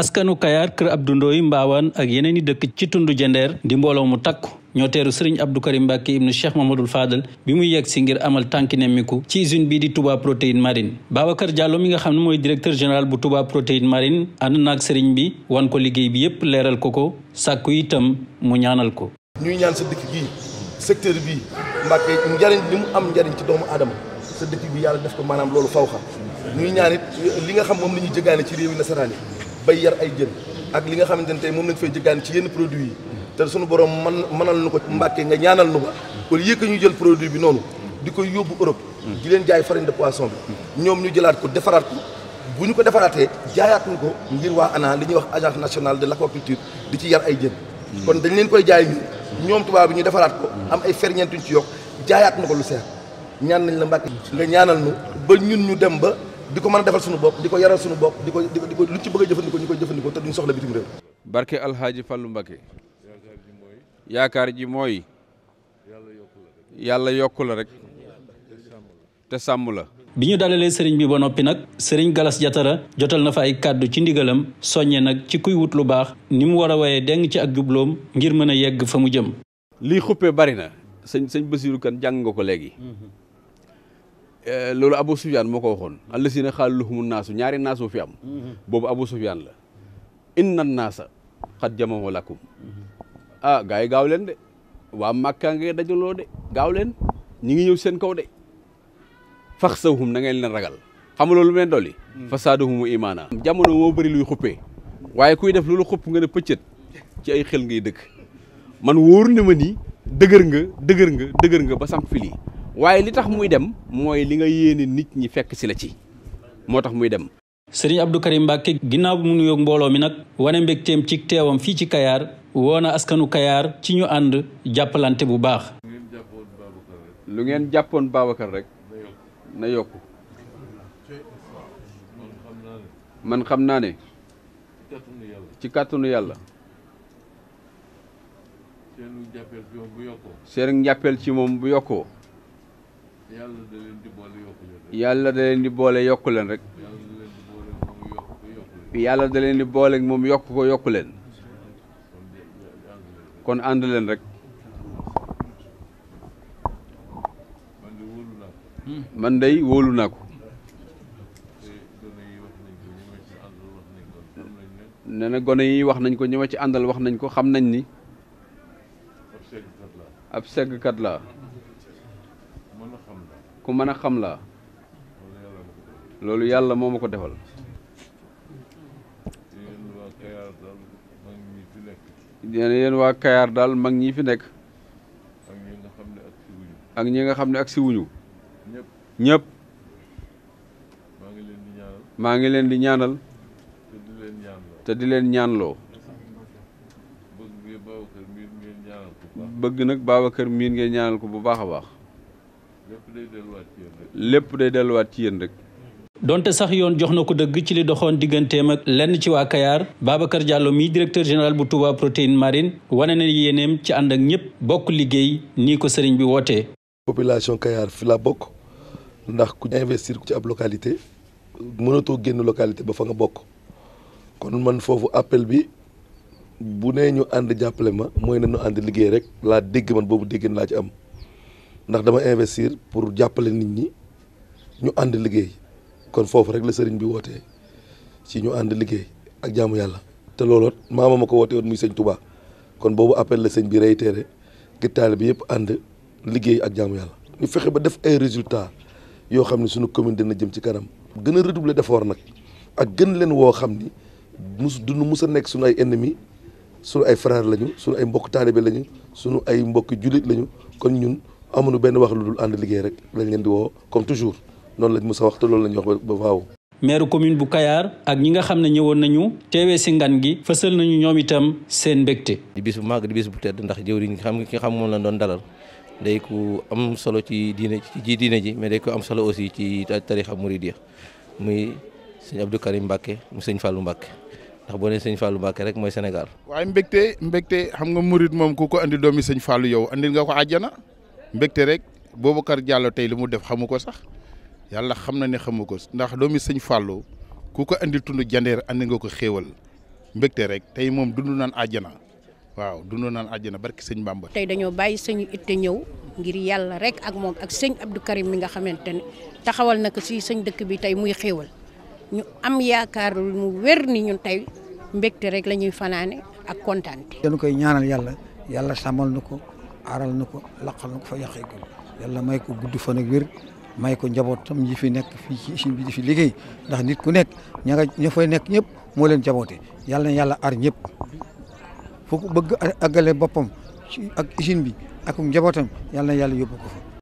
askanu kayaar kër Abdou Ndoye mbaawaan ak yeneen i dëkk ci tundu jendeer di mbooloo mu takku ñoo teeru sëriñ Abdou Karim Mbacke ibnu Cheikh Mamadou Fadal bi mu yekk si ngir amal tànki nemmiku ci usine bii di Touba Protéine Marine Babacar Diallo mi nga xam ne mooy directeur général bu Touba Protéine Marine ànd naag sëriñ bi wan ko liggéey bi yépp leeral ko ko sàkku itam mu ñaanal ko ñuy ñaan sa dëkk gii secteur bii Mbacke njariñ li mu am njariñ ci doomu loolu faw xam ñuy ñaan li nga xam moom la ñuy jëgaane ci réewi nasaraan yi bay yar ay jën ak li nga xamante ne tey moom lañ fay jëggaan ci yenn produit yi te suñu borom man mënal nu ko mbàkkee nga ñaanal nu ko kon yëkka jël produit bi noonu di koy yóbbu Europe leen jaay farine de poisson ñoom ñu jëlaat ko defaraat bu ñu ko defaraatee jaayaatuñ ko ngir waa ANA li ñuy wax agence nationale de l'aquaculture di ci yar ay jën kon dañ leen koy jaay ñoom tubaab bi ñu defaraat ko am ay ferñeent yu ci yokk jaayaat ko lu seer ñaan nañ la mbàkke nga ñaanal nu ba ñun ñu dem ba di ko mën a defal suñu bopp di ko yaral suñu bopp di ko di ko lu ci bëgg a jëfandikoo ñu koy jëfandikoo te duñ soxla bitim réew. barke Alxaaji Fallu Mbakke. yaakaar ji mooy. yàlla yokk la rek. te sàmm la. bi ñu dalalee sëriñ bi ba noppi nag sëriñ Galas Jatara jotal na fa ay kàddu ci ndigalam soññe nag ci kuy wut lu baax ni mu war a waye deng ci ak jubloom ngir mën a yegg fa mu jëm. lii xuppee bari na. sëñ sëñ Basiru kan jàng nga ko léegi. Mhm. Eh, loolu Abu Sufyaan moo ko waxoon allazina xaaluhumu naasu ñaari naasoo fi am mhm. boobu Abu Sufyaan la inna naasa xad jamao lakum mhm. ah gars yi gaaw leen de waa Màkka nga dajaloo de gaaw leen ñi ngi ñëw seen kaw de faxsawhum na ngeen leen ragal xam nga loolu meen dolli mm. fasaaduhumu imaana jamono moo bari luy xuppee waaye kuy def loolu xupp nga ne pëccët ci ay xel ngay dëkk man wóor na ma ni dëgër nga dëgër nga dëgër nga ba samp fili waaye li tax muy dem mooy li nga yéene nit ñi fekk ci la ci moo tax muy dem. sëriñ Abdou Karim Mbacke ginnaaw bu mu nuyoog mbooloo mi nag wane mbégteem ci teewam fii ci Kayaar woona askanu Kayaar ci ñu ànd jàppalante bu baax. lu ngeen jàppoon Babacar rek na yokk man xam naa ne ci kàttanu yàlla. seen njàppeel ci moom bu yokkoo. yàlla da leen di boole yokk leen rek. yàlla da leen di boole moom yokk ko yokk leen. kon ànd leen rek. man dey wóolu naa ko. nee gone yi wax nañ ko ñi ci àndal wax nañ ko xam nañ ni. ab seggkat laa. ku mën a xam laa loolu yàlla moo ma ko defal yéen yéen waa Kayaar daal mag ñii fi nekk ak ñi nga xam ne ak si wuñu ñëpp maa ngi leen di ñaanal te di leen ñaanloo bëgg nag kër miin ngeen ñaanal ko bu baax a baax lépp day delluwaat ci yéen rek. donte sax yoon jox na ko dëgg ci li doxoon digganteem ak lenn ci waa kayaar Babacar Diallo mii directeur général bu Touba Protéine Marine wane na yéeneem ci ànd ak ñëpp bokk liggéey nii ko sëriñ bi wootee. population Kayar fi la bokk ndax ku investir ci ab localité mënatoo génn localité ba fa nga bokk kon man foofu appel bi. bu nee ñu ànd jàppale ma mooy nañu ànd liggéey rek laa dégg man boobu dégg laa ci am ndax dama investir pour jàppale nit ñi ñu ànd liggéey kon foofu rek la sëriñ bi wootee ci ñu ànd liggéey ak jaamu yàlla. te looloot maama ma ko woote muy sëñ Touba kon boobu appel la sëñ bi réitéré ngir taalibe bi yëpp ànd liggéey ak jaamu yàlla. ñu fexe ba def ay résultats yoo xam ne suñu commune dina jëm ci kanam. gën a redoubler d'effort nag ak gën leen woo xam ni mus duñu mus nekk suñu ay ennemis suñu ay frères lañu suñu ay mbokk taalibe lañu suñu ay mbokk jullit lañu amuñu benn wax lu dul ànd liggéey rek lañ leen di woo comme toujours noonu lañ mës a wax te loolu lañuy wax ba waaw. maire commune bu kayaar ak ñi nga xam ne ñëwoon nañu teewee si ngan gi fësal nañu ñoom itam seen mbégte. di bis bu màgg di bis bu tedd ndax jëwriñ xam nga ki xam moom lañ doon dalal day am solo ci diine ci diine ji mais day ko am solo aussi ci tarixa Mouridiya muy sëñ Abdou Karim Mbacke mu sëñ Fallou Mbacke ndax boo nee sëñ Fallou Mbacke rek mooy Sénégal. waaye mbégte mbégte xam nga Mouride moom ku ko andi doomi sëñ Fallou yow indi nga ko àjjana mbégte rek boobu Boubacar Diallo tey li mu def xamu ko sax yàlla xam na ne xamu ko ndax doomi sëñ Fallou ku ko andi tund jandeer andi nga ko xéewal mbégte rek tey moom dund naan àjjana waaw dund naan àjjana barki sëñ mbaam ba tey dañoo bàyyi sëñ it te ñëw ngir yàlla rek ak moom ak sëñ Abdou Karim mi nga xamante ne taxawal na ko si sëñ dëkk bi tey muy xéewal ñu am yaakaar lu mu wér ni ñun tey mbégte rek lañuy ñuy fanaane ak kontaan. dañu koy ñaanal yàlla yàlla sàmmal na ko. aaral na ko laqal na ko fa yàqeegul yàlla may ko gudd fan ak wér may ko njabootam yi fi nekk fii ci usine bi di fi liggéey ndax nit ku nekk ña nga ña fay nekk ñëpp moo leen jaboote yàlla na yàlla aar ñëpp fu ko bëgg àggale boppam ci ak usine bi ak njabootam yàlla na yàlla yóbbu ko fa